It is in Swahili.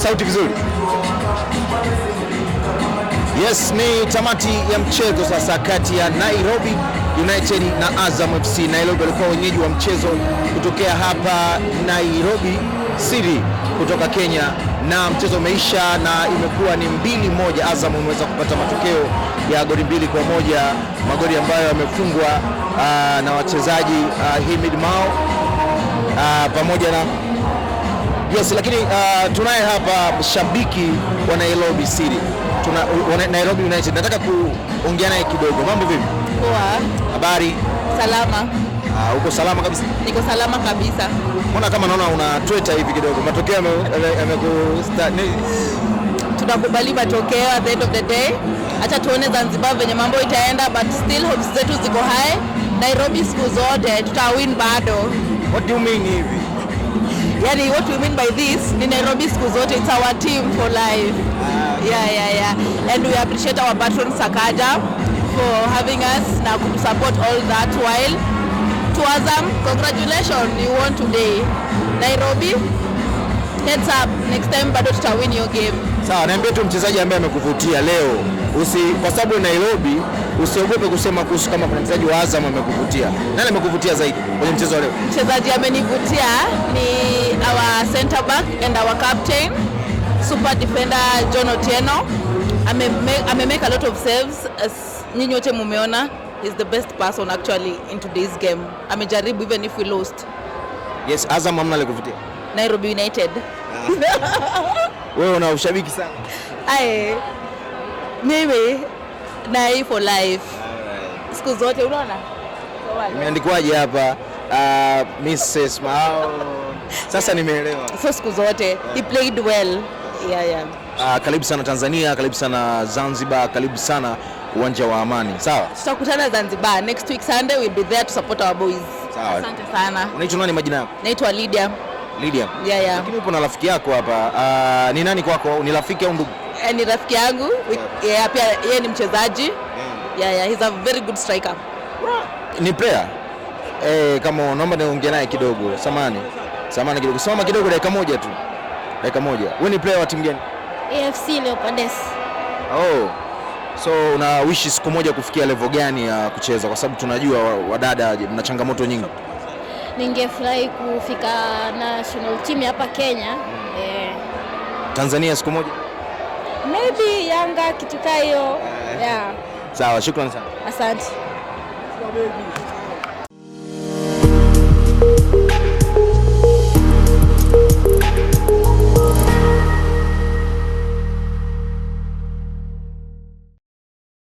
Sauti vizuri. Yes, ni tamati ya mchezo sasa kati ya Nairobi United na Azam FC. Nairobi walikuwa wenyeji wa mchezo kutokea hapa Nairobi City kutoka Kenya, na mchezo umeisha na imekuwa ni mbili moja. Azam umeweza kupata matokeo ya goli mbili kwa moja, magoli ambayo yamefungwa ah, na wachezaji ah, Himid Mao ah, pamoja na Yes, lakini uh, tunaye hapa shabiki wa Nairobi City. Tuna wa Nairobi United. Nataka kuongea naye kidogo. Mambo vipi? Poa. Habari? Salama. Uh, uko salama kabisa? Niko salama kabisa. Mbona kama naona una tweta hivi kidogo. Matokeo yameku tunakubali matokeo at the end of the day. Acha tuone Zanzibar venye mambo itaenda but still hopes zetu ziko high. Nairobi siku zote tutawin bado. What do you mean hivi? yani what we mean by this ni Nairobi siku zote, it's our team for life. uh, Yeah, yeah, yeah. And we appreciate our patron Sakaja for having us na kusupport all that while tourism. Congratulations, you won today. Nairobi, heads up. Next time bado tuta win your game. Sawa, niambie tu mchezaji ambaye amekuvutia leo usi, kwa sababu Nairobi, usiogope kusema kuhusu kama kuna mchezaji wa Azam amekuvutia. Nani amekuvutia zaidi kwenye mchezo leo? Mchezaji amenivutia ni our center back and our captain super defender John Otieno amemake a lot of saves as nyinyi wote mumeona, is the best person actually in today's game. Amejaribu even if we lost. Yes, Azam hamna la Nairobi United. Ah. Wewe una ushabiki sana. Aye. Mimi nai for life. Siku zote unaona? Imeandikwaje hapa? uh, Mrs. Mao. Sasa nimeelewa. So siku zote he played well. Yeah, yeah. Uh, karibu sana Tanzania, karibu sana Zanzibar, karibu sana uwanja wa Amani. Sawa. Tutakutana Zanzibar. Next week Sunday we'll be there to support our boys. Sawa. Asante sana. Unaitwa nani majina yako? Naitwa Lydia. Lydia. Yeah, yeah. Lakini upo na rafiki yako hapa. Uh, ni nani kwako? Ni rafiki au ndugu? Eh, ni rafiki yangu. Yeah, pia yeye ni mchezaji. Yeah, yeah. He's a very good striker. Ni player? Eh, kama naomba niongee naye kidogo. Samani. Samani kidogo. Soma kidogo dakika moja tu. Dakika moja. Wewe ni player wa timu gani? AFC Leopards. Oh. So una wish siku moja kufikia level gani ya kucheza kwa sababu tunajua wadada mna changamoto nyingi. Ningefurahi kufika national team hapa Kenya. Eh. Tanzania siku moja? Maybe Yanga kitu kayo. Eh. Yeah. Sawa, shukrani sana. Asante.